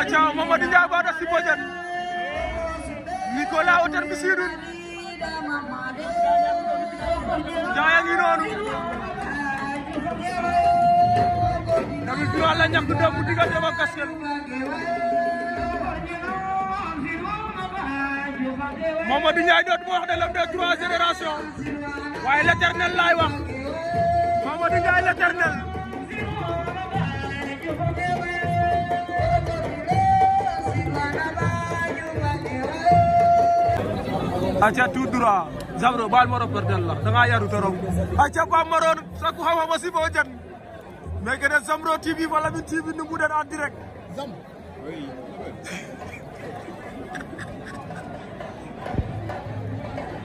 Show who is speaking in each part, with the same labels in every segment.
Speaker 1: aca mamadou ndiago aɗa sippo jan nicolas o tan mi siɗum jayangi noonu naɓi biro allah ñakkude buddigal ɗema gaskel mamadou ndiaye ɗo ɗum wax de lom de trois génération waye l'éternel lay wax mamadou l'éternel aja tudura ah. zabro bal moro berdalla ah. ya, danga yaru torong aja ba maron saku hawa masibo jan meke den zamro tv wala min tv numbu den en direct zam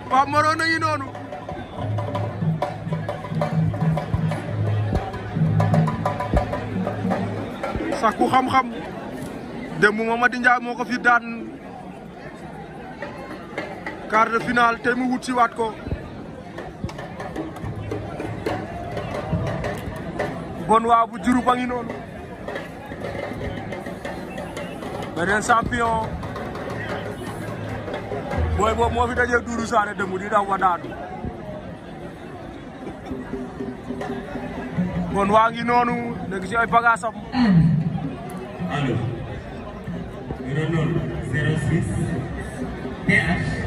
Speaker 1: ba maron ngi nonu saku xam xam dem momadi njaay moko fi dan quart de finale té mu wut ci wat ko bon wa bu juru ba ngi noonu beneen champion boy bo mo fi dajé duru Sané dëmb di daw ba bon wa ngi nonu nek ci ay bagages am Renault 06 TH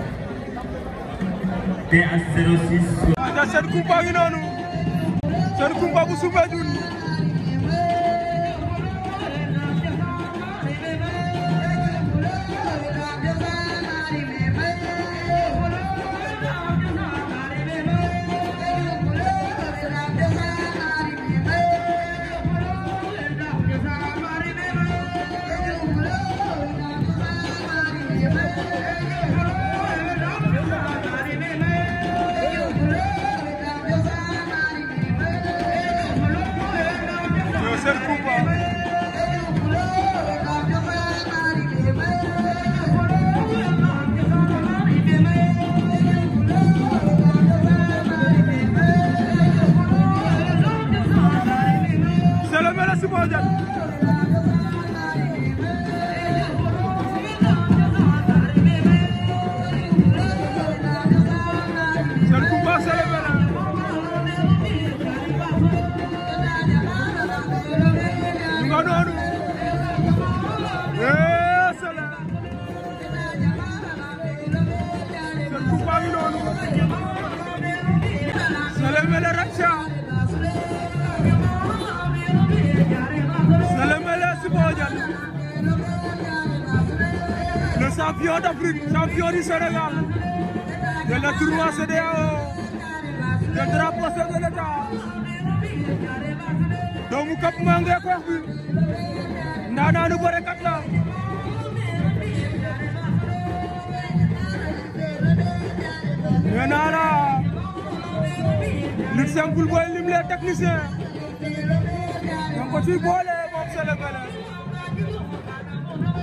Speaker 1: TH 06. seen kumpa ngi noonu seen kumpa Balla Sibodian champion d'Afrique, champion du Sénégal, de la tournoi CEDEAO, le drapeau chef de l'État. doomu Cap Manga bi ndaanaanu bërekat la nee naa la lutte simple booy lim les techniciens donc ko ciy boole moom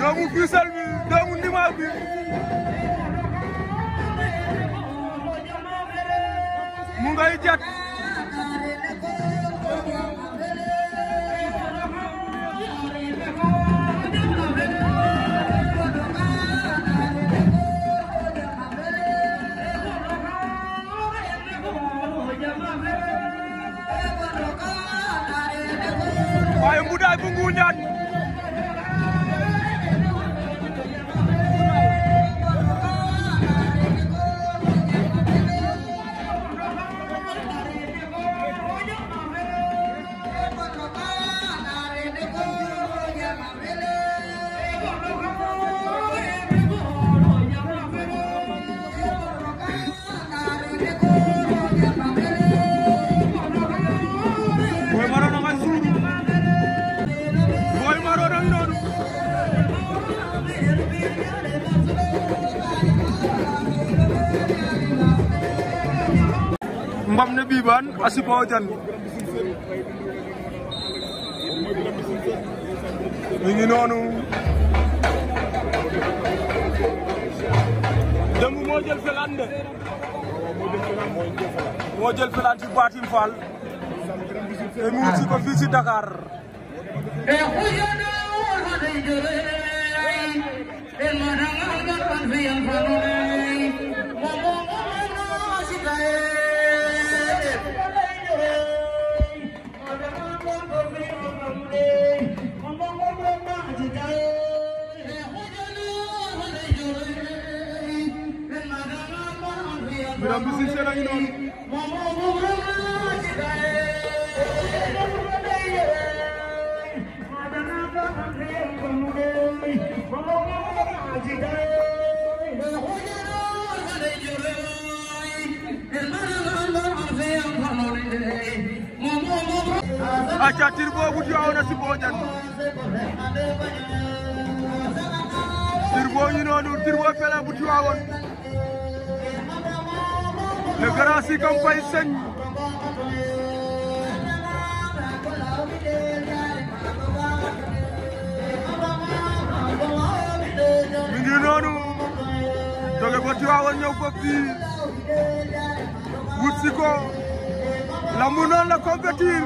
Speaker 1: doomu Fissel bi doomu Ndimar bi mu ngay jat ne biban asibo jan mi ngi noonu demu moo felaan de moo felaan ci Batim Fall te mu ci Dakar Ndeysaan bi si seen a ngi noonu acca tir boobu joow na si boojan tir boo ñu noonu tir boo fele bu jiwaawoon le grand Sikam Faye Sëñ mi ngi noonu jóge ko Tiwaawan ñëw ko fii wut si ko la mu noonu la compétir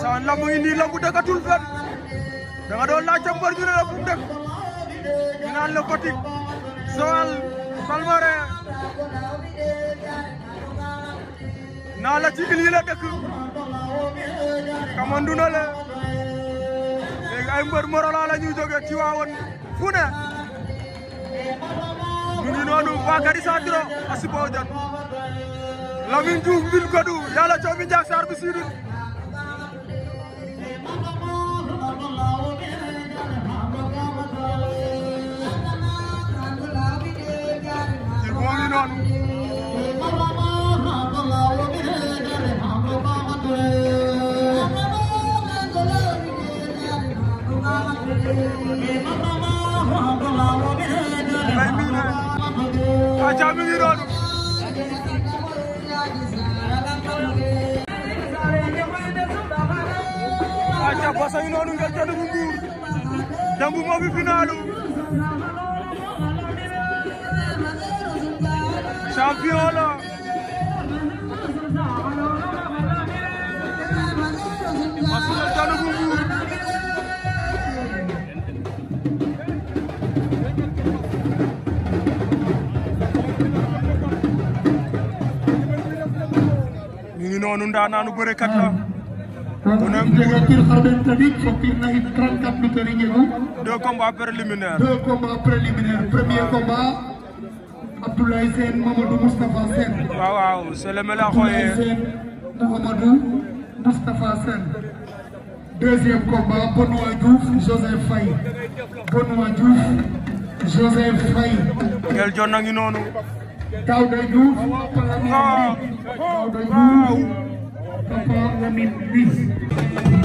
Speaker 1: saan la mu indi la mu dëkkatul fenn doon laajte mbër ñu ne la dëkk ñu naan la Fatick Joal Palmarin naa la ci il yi la dëkk Kamanduna la léegi mbër Morolan la ñuy ci waawoon fu ne ñu ngi noonu Bakary Sadro Asibo Dione Lamine Diouf Ville Kodou yàlla coomi Ndiak Sarr bi aca mi ngi noonu aca basa ngi jambu moo fi finaalu champion Nunda nanu bërekat la Konam Jagatir Kharben Tadib sortir na hit 34 lutteurs yi ñëgu. Deux combats préliminaires. Deux combats préliminaires. Premier combat Abdoulaye Sen Mamadou Moustapha Sen. Waaw waaw, c'est le meilleur Sen Mamadou Moustapha Sen. Deuxième combat Benoît Joseph Faye. Benoît Diouf Joseph Faye. Quel jonne ngi nonu? Tawda Bapak me Bis.